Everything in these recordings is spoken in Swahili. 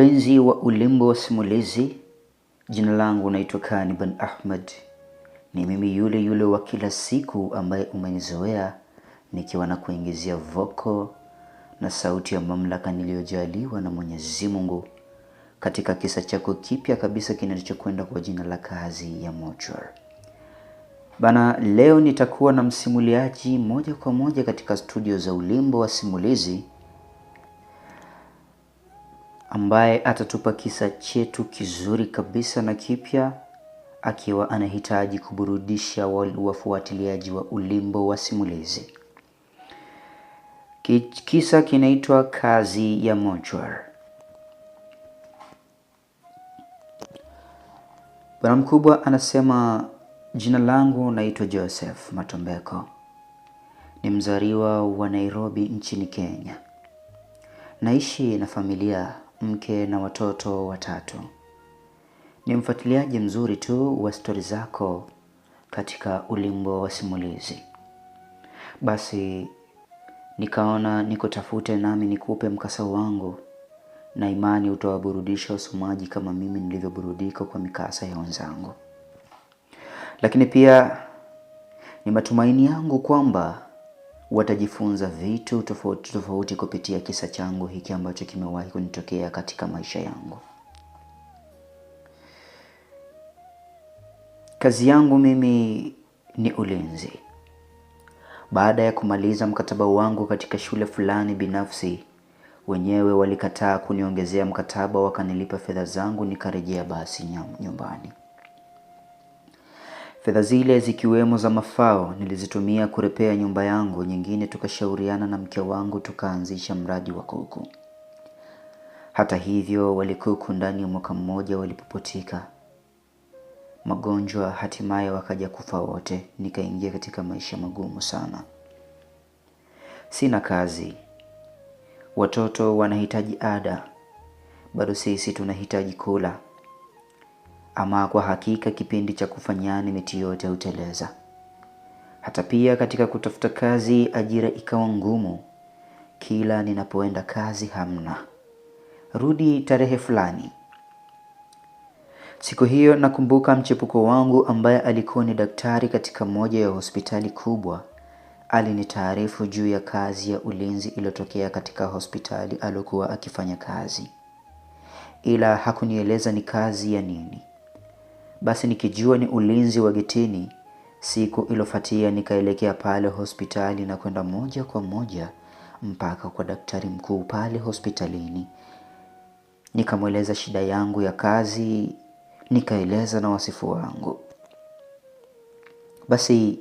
Wapenzi wa Ulimbo wa Simulizi, jina langu naitwa Kani ban Ahmed. Ni mimi yule yule wa kila siku ambaye umenizoea nikiwa na kuingizia voko na sauti ya mamlaka niliyojaliwa na Mwenyezi Mungu katika kisa chako kipya kabisa kinachokwenda kwa jina la Kazi ya Mochwari. Bana, leo nitakuwa na msimuliaji moja kwa moja katika studio za Ulimbo wa Simulizi ambaye atatupa kisa chetu kizuri kabisa na kipya, akiwa anahitaji kuburudisha wafuatiliaji wa Ulimbo wa Simulizi. Kisa kinaitwa Kazi ya Mochwar. Bwana mkubwa anasema, jina langu naitwa Joseph Matombeko, ni mzaliwa wa Nairobi nchini Kenya. Naishi na familia mke na watoto watatu. Ni mfuatiliaji mzuri tu wa stori zako katika ulimbo wa simulizi. Basi nikaona nikutafute nami nikupe mkasa wangu, na imani utawaburudisha wasomaji kama mimi nilivyoburudika kwa mikasa ya wenzangu. Lakini pia ni matumaini yangu kwamba watajifunza vitu tofauti tofauti kupitia kisa changu hiki ambacho kimewahi kunitokea katika maisha yangu. Kazi yangu mimi ni ulinzi. Baada ya kumaliza mkataba wangu katika shule fulani binafsi, wenyewe walikataa kuniongezea mkataba, wakanilipa fedha zangu, nikarejea basi nyumbani. Fedha zile zikiwemo za mafao nilizitumia kurepea nyumba yangu, nyingine tukashauriana na mke wangu tukaanzisha mradi wa kuku. Hata hivyo, wale kuku ndani ya mwaka mmoja walipopotika magonjwa, hatimaye wakaja kufa wote. Nikaingia katika maisha magumu sana. Sina kazi, watoto wanahitaji ada, bado sisi tunahitaji kula ama kwa hakika kipindi cha kufanyani miti yote huteleza. Hata pia katika kutafuta kazi, ajira ikawa ngumu, kila ninapoenda kazi hamna, rudi tarehe fulani. Siku hiyo nakumbuka mchepuko wangu ambaye alikuwa ni daktari katika moja ya hospitali kubwa alinitaarifu juu ya kazi ya ulinzi iliyotokea katika hospitali aliokuwa akifanya kazi, ila hakunieleza ni kazi ya nini. Basi nikijua ni ulinzi wa getini, siku ilofatia nikaelekea pale hospitali na kwenda moja kwa moja mpaka kwa daktari mkuu pale hospitalini. Nikamweleza shida yangu ya kazi, nikaeleza na wasifu wangu. Basi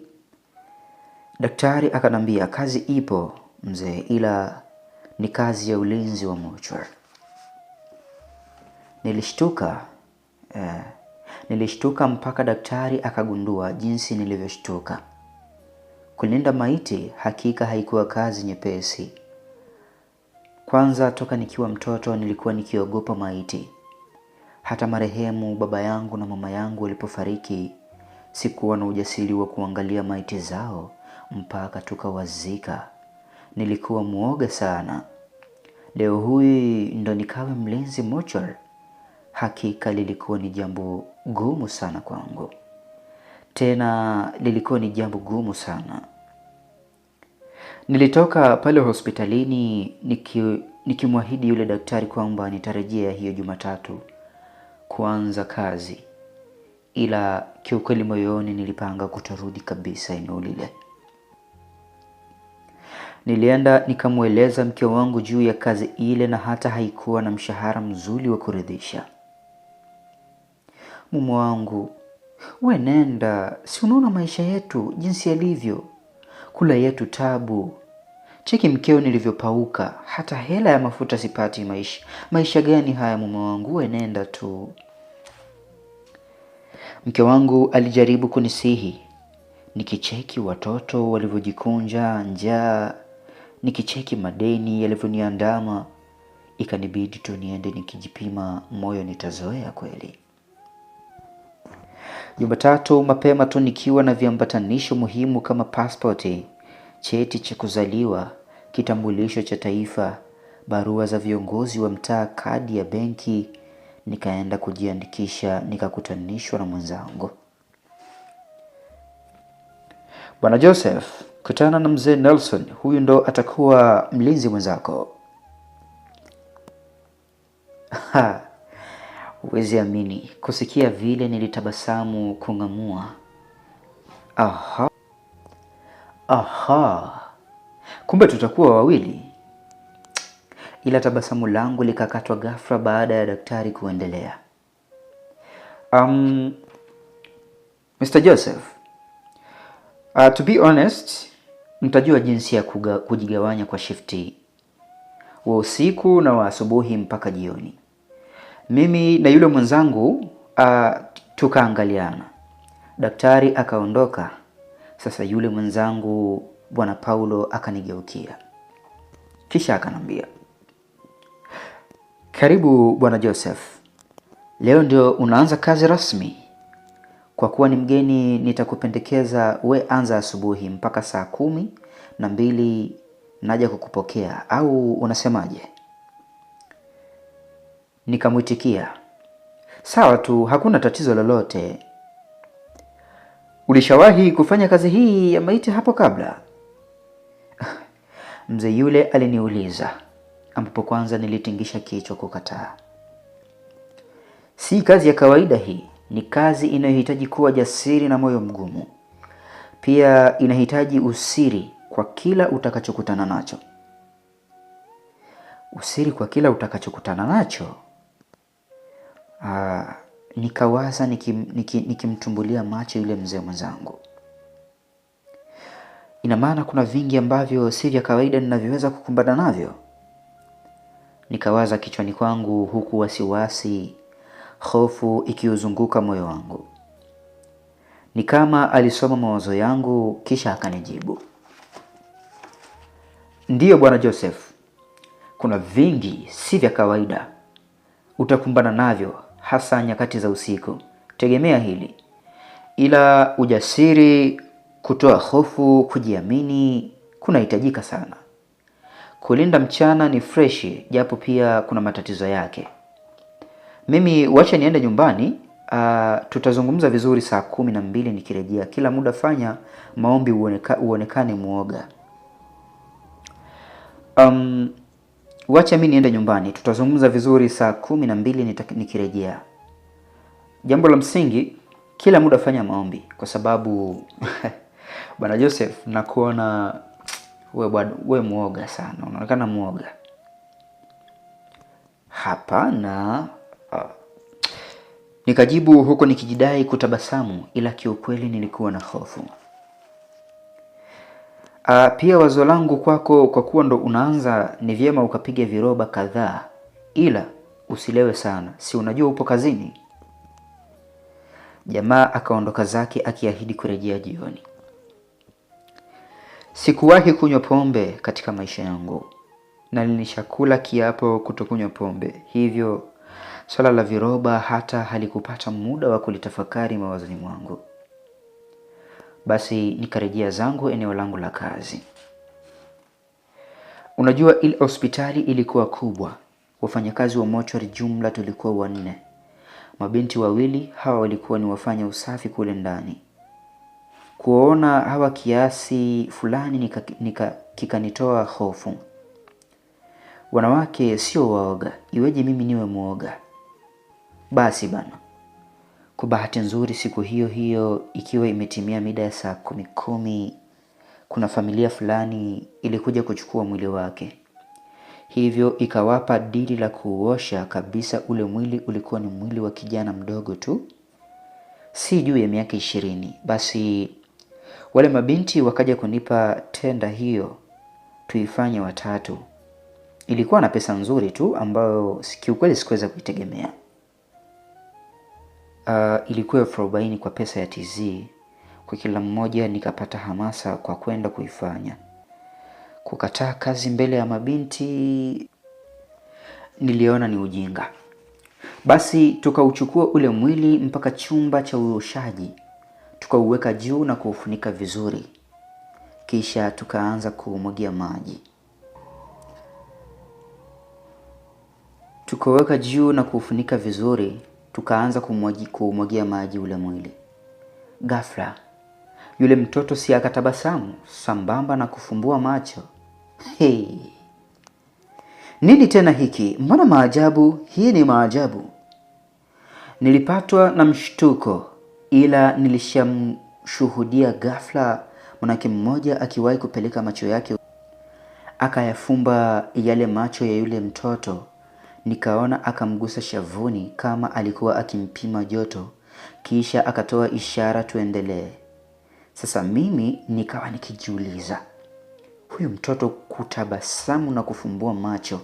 daktari akanambia, kazi ipo mzee, ila ni kazi ya ulinzi wa mochwa Nilishtuka eh, Nilishtuka mpaka daktari akagundua jinsi nilivyoshtuka. Kulinda maiti hakika haikuwa kazi nyepesi. Kwanza toka nikiwa mtoto nilikuwa nikiogopa maiti. Hata marehemu baba yangu na mama yangu walipofariki, sikuwa na ujasiri wa kuangalia maiti zao mpaka tukawazika. Nilikuwa mwoga sana. Leo hii ndo nikawe mlinzi mochwari. Hakika lilikuwa ni jambo gumu sana kwangu, tena lilikuwa ni jambo gumu sana. Nilitoka pale hospitalini nikimwahidi yule daktari kwamba nitarejea hiyo Jumatatu kuanza kazi, ila kiukweli moyoni nilipanga kutorudi kabisa eneo lile. Nilienda nikamweleza mke wangu juu ya kazi ile, na hata haikuwa na mshahara mzuri wa kuridhisha mume wangu, we nenda, si unaona maisha yetu jinsi yalivyo, kula yetu tabu. Cheki mkeo nilivyopauka, hata hela ya mafuta sipati. Maisha maisha gani haya mume wangu, we nenda tu. Mke wangu alijaribu kunisihi nikicheki watoto walivyojikunja njaa, nikicheki madeni yalivyoniandama, ikanibidi tu niende nikijipima, moyo nitazoea kweli. Jumatatu mapema tu nikiwa na viambatanisho muhimu kama pasipoti, cheti cha kuzaliwa, kitambulisho cha taifa, barua za viongozi wa mtaa, kadi ya benki, nikaenda kujiandikisha, nikakutanishwa na mwenzangu Bwana Joseph, kutana na mzee Nelson, huyu ndo atakuwa mlinzi mwenzako. Huwezi amini kusikia vile nilitabasamu kung'amua. Aha, aha, kumbe tutakuwa wawili. Ila tabasamu langu likakatwa ghafla baada ya daktari kuendelea. Um, Mr. Joseph, uh, to be honest, mtajua jinsi ya kujigawanya kwa shifti wa usiku na wa asubuhi mpaka jioni. Mimi na yule mwenzangu uh, tukaangaliana, daktari akaondoka. Sasa yule mwenzangu bwana Paulo akanigeukia, kisha akanambia, karibu bwana Joseph, leo ndio unaanza kazi rasmi. Kwa kuwa ni mgeni, nitakupendekeza we anza asubuhi mpaka saa kumi na mbili naja kukupokea, au unasemaje? Nikamwitikia, sawa tu, hakuna tatizo lolote. Ulishawahi kufanya kazi hii ya maiti hapo kabla? Mzee yule aliniuliza, ambapo kwanza nilitingisha kichwa kukataa. Si kazi ya kawaida hii, ni kazi inayohitaji kuwa jasiri na moyo mgumu. Pia inahitaji usiri kwa kila utakachokutana nacho. Usiri kwa kila utakachokutana nacho. Uh, ah, nikawaza nikimtumbulia niki, nikimtumbulia macho yule mzee mwenzangu. Ina maana kuna vingi ambavyo si vya kawaida ninavyoweza kukumbana navyo, nikawaza kichwani kwangu, huku wasiwasi, hofu ikiuzunguka moyo wangu. Ni kama alisoma mawazo yangu, kisha akanijibu, ndiyo Bwana Joseph, kuna vingi si vya kawaida utakumbana navyo hasa nyakati za usiku. Tegemea hili, ila ujasiri, kutoa hofu, kujiamini kunahitajika sana. Kulinda mchana ni freshi, japo pia kuna matatizo yake. Mimi wacha niende nyumbani. Uh, tutazungumza vizuri saa kumi na mbili nikirejea. Kila muda fanya maombi uoneka, mwoga. Um, Wacha mimi niende nyumbani, tutazungumza vizuri saa kumi na mbili nikirejea. Jambo la msingi, kila muda fanya maombi kwa sababu Bwana Joseph, nakuona we, bwana we muoga sana, unaonekana muoga hapa na uh, ah. nikajibu huko nikijidai kutabasamu, ila kiukweli nilikuwa na hofu. Uh, pia wazo langu kwako, kwa kuwa ndo unaanza, ni vyema ukapiga viroba kadhaa, ila usilewe sana, si unajua upo kazini. Jamaa akaondoka zake akiahidi kurejea jioni. Sikuwahi kunywa pombe katika maisha yangu na nilishakula kiapo kutokunywa pombe, hivyo swala la viroba hata halikupata muda wa kulitafakari mawazoni mwangu basi nikarejea zangu eneo langu la kazi. Unajua, ile hospitali ilikuwa kubwa, wafanyakazi wa mochwari jumla tulikuwa wanne. Mabinti wawili hawa walikuwa ni wafanya usafi kule ndani. Kuwaona hawa kiasi fulani nika, nika, kikanitoa hofu. Wanawake sio waoga, iweje mimi niwe mwoga? Basi bana. Kwa bahati nzuri, siku hiyo hiyo ikiwa imetimia mida ya saa kumi kumi, kuna familia fulani ilikuja kuchukua mwili wake, hivyo ikawapa dili la kuuosha kabisa. Ule mwili ulikuwa ni mwili wa kijana mdogo tu, si juu ya miaka ishirini. Basi wale mabinti wakaja kunipa tenda hiyo tuifanye watatu. Ilikuwa na pesa nzuri tu ambayo kiukweli sikuweza kuitegemea uh, ilikuwa elfu arobaini kwa pesa ya TZ. Kwa kila mmoja nikapata hamasa kwa kwenda kuifanya. Kukataa kazi mbele ya mabinti niliona ni ujinga. Basi tukauchukua ule mwili mpaka chumba cha uoshaji, tukauweka juu na kuufunika vizuri, kisha tukaanza kuumwagia maji. Tukaweka juu na kuufunika vizuri, tukaanza kumwagia maji ule mwili. Ghafla yule mtoto si akatabasamu sambamba na kufumbua macho. Hey, nini tena hiki? Mbona maajabu! Hii ni maajabu. Nilipatwa na mshtuko, ila nilishamshuhudia ghafla mwanamke mmoja akiwahi kupeleka macho yake akayafumba yale macho ya yule mtoto Nikaona akamgusa shavuni kama alikuwa akimpima joto, kisha akatoa ishara tuendelee. Sasa mimi nikawa nikijiuliza, huyu mtoto kutabasamu na kufumbua macho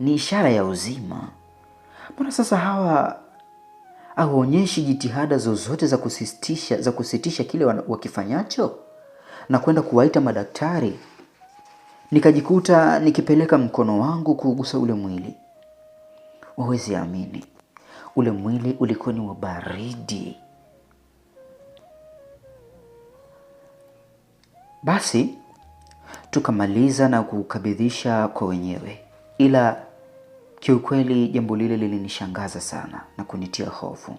ni ishara ya uzima, mbona sasa hawa hauonyeshi jitihada zozote za kusitisha, za kusitisha kile wakifanyacho na kwenda kuwaita madaktari. Nikajikuta nikipeleka mkono wangu kuugusa ule mwili, wawezi amini. Ule mwili ulikuwa ni wa baridi. Basi tukamaliza na kukabidhisha kwa wenyewe, ila kiukweli jambo lile lilinishangaza sana na kunitia hofu.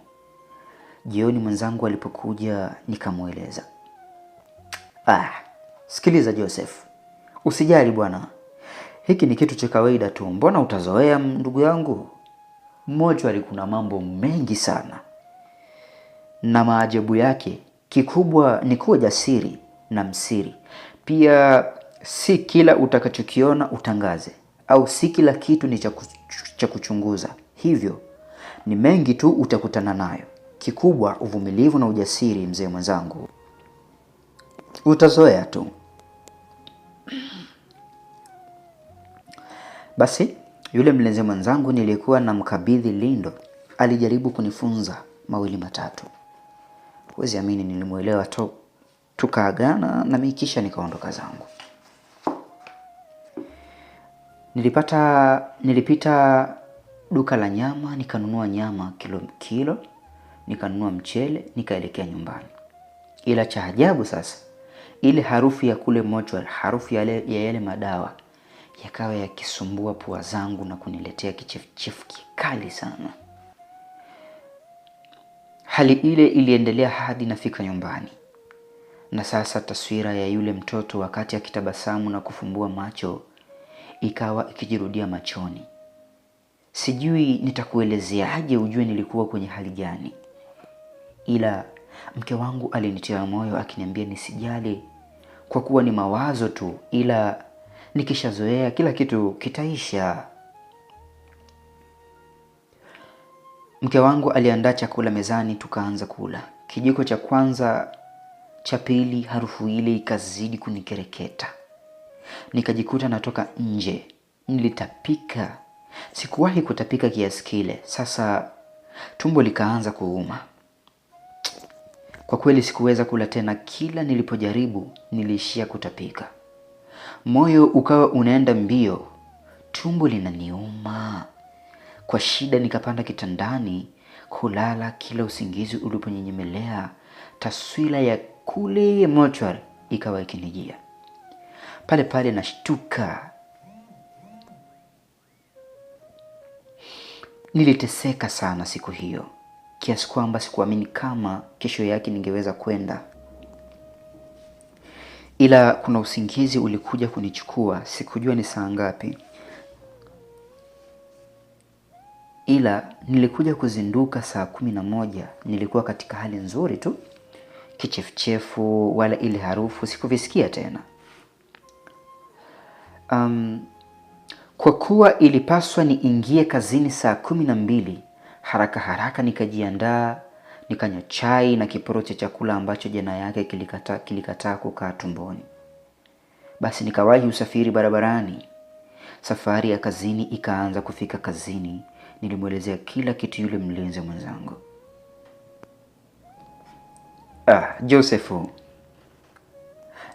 Jioni mwenzangu alipokuja, nikamweleza ah, sikiliza Joseph, usijali bwana, hiki ni kitu cha kawaida tu, mbona utazoea ndugu yangu. Mochwari kuna mambo mengi sana na maajabu yake. Kikubwa ni kuwa jasiri na msiri. Pia si kila utakachokiona utangaze, au si kila kitu ni cha kuchunguza. Hivyo ni mengi tu utakutana nayo. Kikubwa uvumilivu na ujasiri, mzee mwenzangu, utazoea tu basi. Yule mlinzi mwenzangu nilikuwa mkabidhi lindo alijaribu kunifunza mawili matatu. Huwezi amini nilimwelewa to tukaagana na mimi kisha nikaondoka zangu. Nilipata nilipita duka la nyama nikanunua nyama kilo kilo, nikanunua mchele, nikaelekea nyumbani. Ila cha ajabu sasa, ile harufu ya kule mochwa, harufu ya, ya yale madawa yakawa yakisumbua pua zangu na kuniletea kichefuchefu kikali sana. Hali ile iliendelea hadi nafika nyumbani, na sasa taswira ya yule mtoto wakati akitabasamu na kufumbua macho ikawa ikijirudia machoni. Sijui nitakuelezeaje ujue nilikuwa kwenye hali gani, ila mke wangu alinitia moyo akiniambia nisijali kwa kuwa ni mawazo tu, ila nikishazoea kila kitu kitaisha. Mke wangu aliandaa chakula mezani, tukaanza kula. Kijiko cha kwanza, cha pili, harufu ile ikazidi kunikereketa, nikajikuta natoka nje. Nilitapika, sikuwahi kutapika kiasi kile. Sasa tumbo likaanza kuuma. Kwa kweli sikuweza kula tena, kila nilipojaribu niliishia kutapika moyo ukawa unaenda mbio, tumbo linaniuma kwa shida, nikapanda kitandani kulala. Kila usingizi uliponyenyemelea, taswira ya kule mochwari ikawa ikinijia pale pale, nashtuka. Niliteseka sana siku hiyo kiasi kwamba sikuamini kama kesho yake ningeweza kwenda ila kuna usingizi ulikuja kunichukua, sikujua ni saa ngapi, ila nilikuja kuzinduka saa kumi na moja. Nilikuwa katika hali nzuri tu, kichefuchefu wala ile harufu sikuvisikia tena. Um, kwa kuwa ilipaswa niingie kazini saa kumi na mbili, haraka haraka nikajiandaa nikanywa chai na kiporo cha chakula ambacho jana yake kilikataa kilikata kukaa tumboni. Basi nikawahi usafiri barabarani. Safari ya kazini ikaanza. Kufika kazini, nilimwelezea kila kitu yule mlinzi mwenzangu. Ah, Josefu,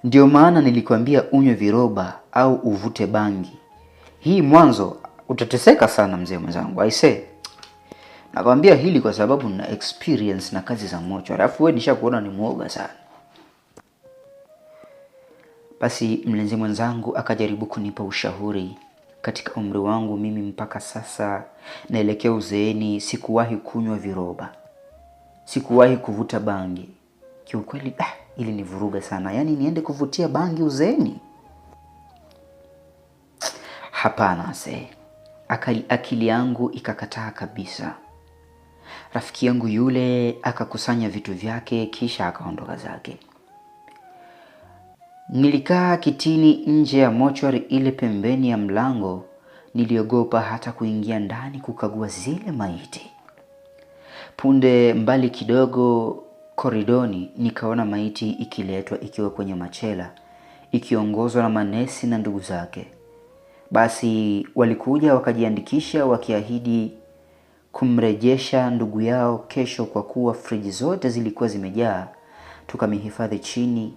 ndio maana nilikuambia unywe viroba au uvute bangi. Hii mwanzo utateseka sana, mzee mwenzangu, aisee. Nakwambia hili kwa sababu na experience na kazi za mocho, alafu wewe nishakuona ni mwoga sana. Basi mlinzi mwenzangu akajaribu kunipa ushauri. Katika umri wangu mimi mpaka sasa naelekea uzeeni, sikuwahi kunywa viroba, sikuwahi kuvuta bangi. Kiukweli ah, ili ni vuruga sana, yaani niende kuvutia bangi uzeeni? Hapana see, akili yangu ikakataa kabisa. Rafiki yangu yule akakusanya vitu vyake kisha akaondoka zake. Nilikaa kitini nje ya mochwari ile pembeni ya mlango, niliogopa hata kuingia ndani kukagua zile maiti. Punde mbali kidogo koridoni, nikaona maiti ikiletwa ikiwa kwenye machela, ikiongozwa na manesi na ndugu zake. Basi walikuja wakajiandikisha wakiahidi kumrejesha ndugu yao kesho, kwa kuwa friji zote zilikuwa zimejaa. Tukamhifadhi chini.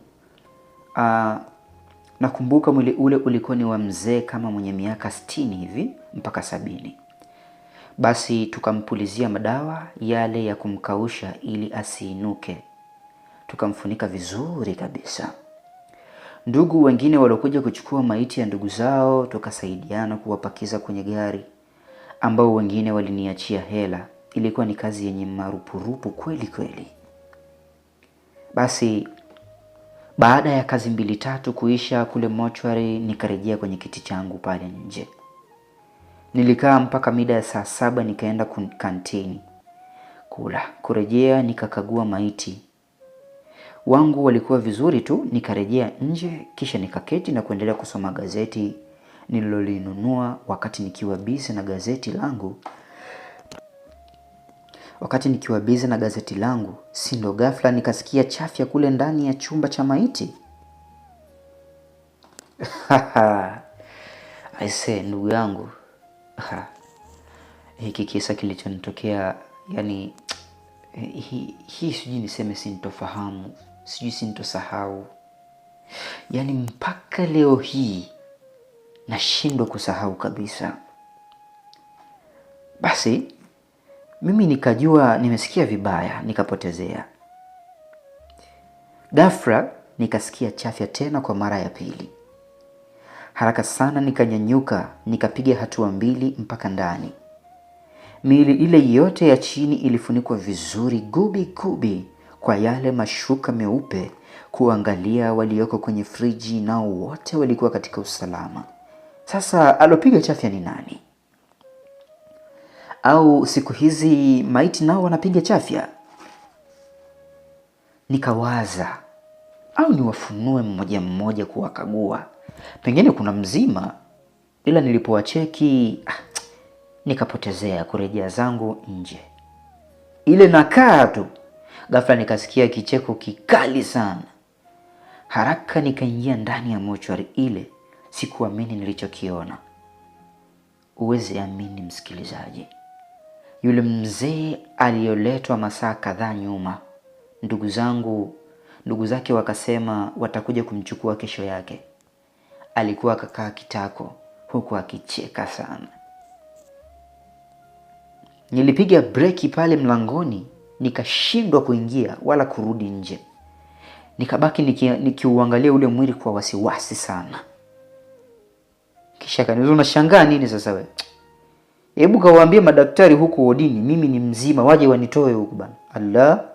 Aa, ah, nakumbuka mwili ule ulikuwa ni wa mzee kama mwenye miaka sitini hivi mpaka sabini. Basi tukampulizia madawa yale ya kumkausha ili asiinuke, tukamfunika vizuri kabisa. Ndugu wengine waliokuja kuchukua maiti ya ndugu zao tukasaidiana kuwapakiza kwenye gari ambao wengine waliniachia hela. Ilikuwa ni kazi yenye marupurupu kweli kweli. Basi baada ya kazi mbili tatu kuisha kule mochwari, nikarejea kwenye kiti changu pale nje. Nilikaa mpaka mida ya saa saba nikaenda kantini kula. Kurejea nikakagua maiti wangu walikuwa vizuri tu, nikarejea nje kisha nikaketi na kuendelea kusoma gazeti nililolinunua wakati nikiwa bize na gazeti langu wakati nikiwa bize na gazeti langu, si ndo ghafla nikasikia chafya kule ndani ya chumba cha maiti. Aise, ndugu yangu, hiki kisa kilichonitokea yani hii hi, sijui niseme sintofahamu, sijui sintosahau, yani mpaka leo hii nashindwa kusahau kabisa. Basi mimi nikajua nimesikia vibaya, nikapotezea. Ghafla nikasikia chafya tena kwa mara ya pili. Haraka sana nikanyanyuka, nikapiga hatua mbili mpaka ndani. Miili ile yote ya chini ilifunikwa vizuri gubi gubi kwa yale mashuka meupe, kuangalia walioko kwenye friji, nao wote walikuwa katika usalama. Sasa alopiga chafya ni nani? Au siku hizi maiti nao wanapiga chafya? Nikawaza, au niwafunue mmoja mmoja kuwakagua, pengine kuna mzima. Ila nilipowacheki ah, nikapotezea kurejea zangu nje. Ile nakaa tu, ghafla nikasikia kicheko kikali sana. Haraka nikaingia ndani ya mochwari ile Sikuamini nilichokiona. Uwezi amini, msikilizaji, yule mzee aliyoletwa masaa kadhaa nyuma, ndugu zangu, ndugu zake wakasema watakuja kumchukua kesho yake, alikuwa akakaa kitako huku akicheka sana. Nilipiga breki pale mlangoni, nikashindwa kuingia wala kurudi nje, nikabaki nikiuangalia ule mwili kwa wasiwasi sana. Kisha kaniuliza unashangaa nini sasa wewe? Hebu kawaambie madaktari huku wodini mimi ni mzima waje wanitoe huku bana. Allah.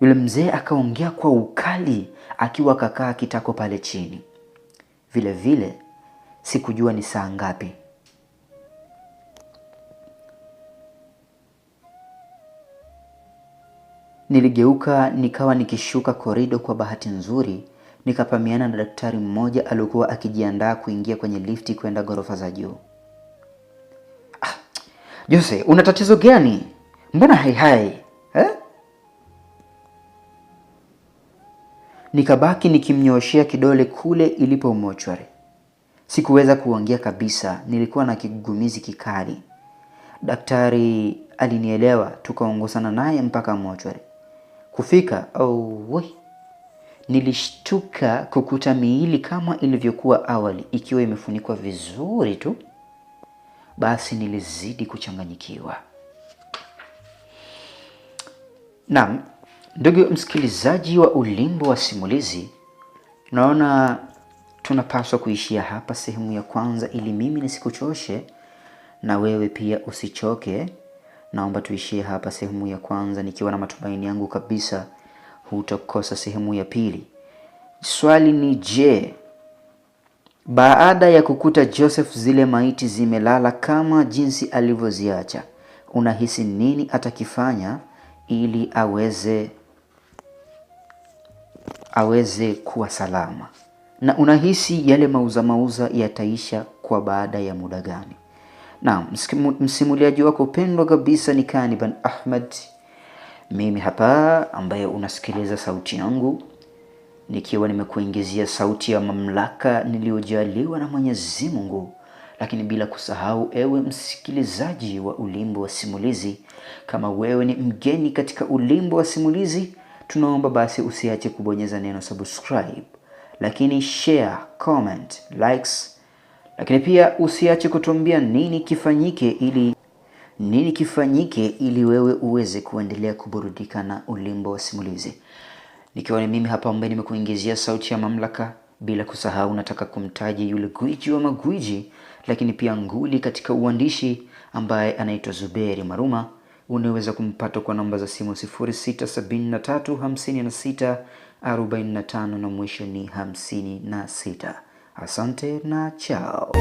Yule mzee akaongea kwa ukali akiwa kakaa kitako pale chini. Vile vile sikujua ni saa ngapi. Niligeuka nikawa nikishuka korido. Kwa bahati nzuri nikapamiana na daktari mmoja aliokuwa akijiandaa kuingia kwenye lifti kwenda ghorofa za juu. Ah, Jose, una tatizo gani? Mbona haihai eh? Nikabaki nikimnyooshea kidole kule ilipo mochwari. Sikuweza kuongea kabisa, nilikuwa na kigugumizi kikali. Daktari alinielewa, tukaongozana naye mpaka mochwari. Kufika au oh, Nilishtuka kukuta miili kama ilivyokuwa awali ikiwa imefunikwa vizuri tu. Basi nilizidi kuchanganyikiwa. Naam, ndugu msikilizaji wa Ulimbo wa Simulizi, naona tunapaswa kuishia hapa sehemu ya kwanza, ili mimi nisikuchoshe na wewe pia usichoke. Naomba tuishie hapa sehemu ya kwanza, nikiwa na matumaini yangu kabisa hutakosa sehemu ya pili. Swali ni je, baada ya kukuta Joseph zile maiti zimelala kama jinsi alivyoziacha, unahisi nini atakifanya ili aweze aweze kuwa salama? Na unahisi yale mauza mauza yataisha kwa baada ya muda gani? na msimuliaji wako pendwa kabisa ni Kaniban Ahmed mimi hapa ambaye unasikiliza sauti yangu nikiwa nimekuingizia sauti ya mamlaka niliyojaliwa na Mwenyezi Mungu, lakini bila kusahau, ewe msikilizaji wa Ulimbo wa Simulizi, kama wewe ni mgeni katika Ulimbo wa Simulizi, tunaomba basi usiache kubonyeza neno subscribe, lakini share, comment, likes, lakini pia usiache kutuambia nini kifanyike ili nini kifanyike ili wewe uweze kuendelea kuburudika na Ulimbo wa Simulizi. Nikiwa ni mimi hapa ambaye nimekuingizia sauti ya mamlaka, bila kusahau nataka kumtaji yule gwiji wa magwiji, lakini pia nguli katika uandishi ambaye anaitwa Zuberi Maruma. Unaweza kumpata kwa namba za simu 06735645 na mwisho ni 56. Asante na chao.